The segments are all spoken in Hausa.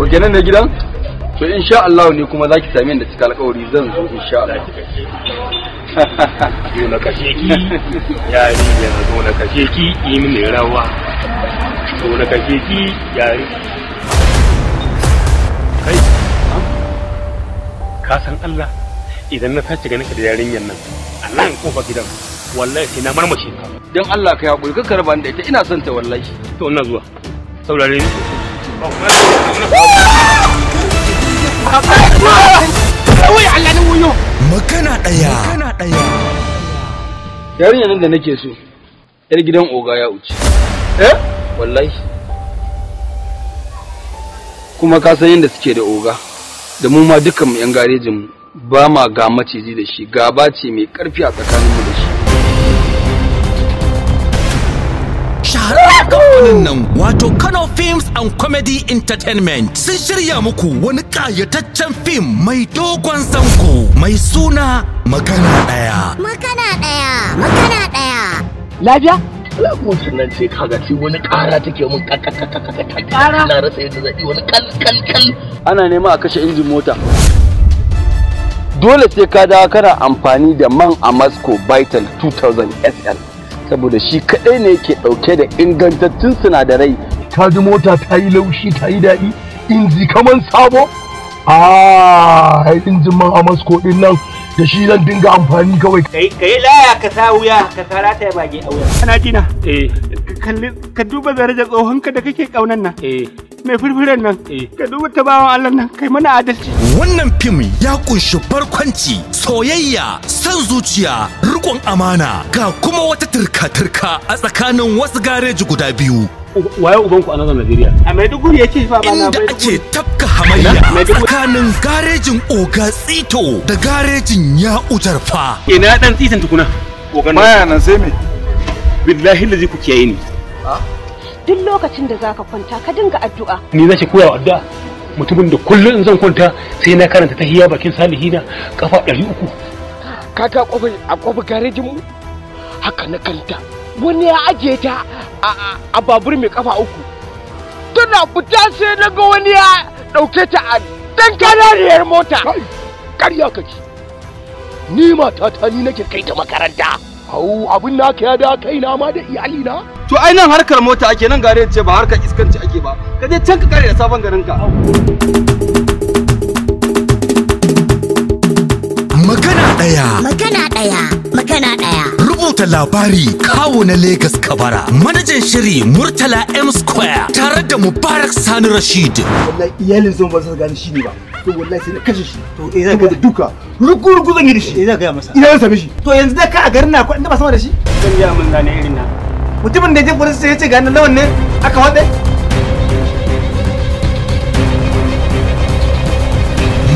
ko kenan ne gidan to insha Allah ne kuma zaki same ni da cika alƙawari zan zo insha Allah yo na kashe ki yari ya zo na kashe ki yi min rawa to na kashe ki yari kai ka san Allah idan na sace ganin ka da yarinyan nan Allah ya kofa gidan wallahi sai na marmashe ka dan Allah ka ya hakuri ka ni da ita ina son ta wallahi to ina zuwa saurare ni Makana ɗaya. Yarinya nan da nake so, ‘yar gidan Oga ya wuce. Eh? Wallahi. Kuma ka san yadda suke da Oga, da mu ma dukkanmu ‘yan garejinmu ba ma ga maciji da shi, gaba ce mai ƙarfi a tsakaninmu da shi. shahararren wani nan wato Kano Films and Comedy Entertainment sun shirya muku wani ƙayataccen fim mai dogon zango mai suna Magana Ɗaya. Magana Ɗaya, Magana Ɗaya. Lafiya? Allah ko sunan sai kaga sai wani ƙara take mun kakakakakaka na rasa yadda zai wani kal kal kal ana nema a kashe injin mota dole sai ka dawo kana amfani da man a Moscow Vital 2000 SL saboda shi kadai ne yake dauke da ingantattun sinadarai ka ji mota ta yi laushi ta yi daɗi inji kaman sabo a injin man ko din nan da shi zan dinga amfani kawai kai kai laya ka sa wuya ka sara ta bage a wuya kana jina eh ka duba darajar tsohon ka da kake kaunan nan eh mai furfuren nan eh. ka duba ta bawan Allah nan kai mana adalci wannan fim ya kunshi barkwanci soyayya san zuciya rikon amana ga kuma wata turka-turka a tsakanin wasu gareji guda biyu waye ku a nazar Najeriya. A Maiduguri yake fa ba na Maiduguri. ake tafka hamayya tsakanin garejin Oga Tsito da garejin Ya Ujarfa. Ina dan tsitan tukuna. Oga nan. Baya nan sai me? Billahi lazi ku kiyaye ni. Ah. duk lokacin da zaka kwanta ka dinga addu'a ni zaki koya wa addu'a mutumin da kullum in zan kwanta sai na karanta tahiyya bakin salihina kafa 300 kaga kofar a kofar garejin mu haka na kanta wani ya ajiye ta a babur mai kafa uku tana fita sai na ga wani ya dauke ta a dan kanariyar mota ƙarya kake ni mata ta ni nake kai ta makaranta Au abin na ya da kai na ma da iyali na. To ai nan harkar mota ake nan gare ce ba harkar iskanci ake ba. Ka je can ka kare da sabon garin ka. Magana ɗaya. Magana ɗaya. Magana ɗaya. rubuta labari kawo na Legas Kabara. Manajan shiri Murtala M Square tare da Mubarak Sani Rashid. Wallahi iyalin zan ba su gane shi ne ba. to wallahi sai na kashe shi to eh zai ga duka ruku ruku zan yi da shi eh zai ga masa ina same shi to yanzu da ka a garin na akwai ba sama da shi zan ya mun zane irin na mutumin da ya je gurin sai ya ce ga nan lawan ne aka wade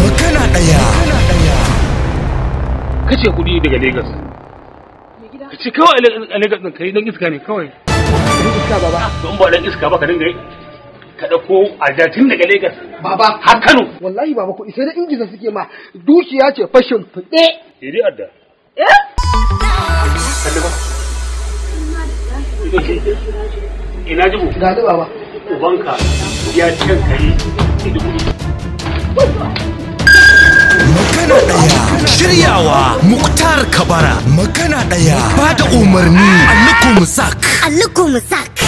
magana daya kace kudi daga Lagos ka kawai a Lagos kai dan iska ne kawai dan iska baba don ah, ba dan iska ba ka dinga yi ka ɗauko a tun daga Legas. Baba. Har Kano. Wallahi baba kuɗi sai da ingiza suke ma dukiya ce fashin fiɗe. Iri adda. Eh? Ina jibo. Ga baba. Ubanka ya can kare. Magana ɗaya shiryawa Muktar Kabara. Magana ɗaya ba da umarni Aliko Musak. Aliko Musak.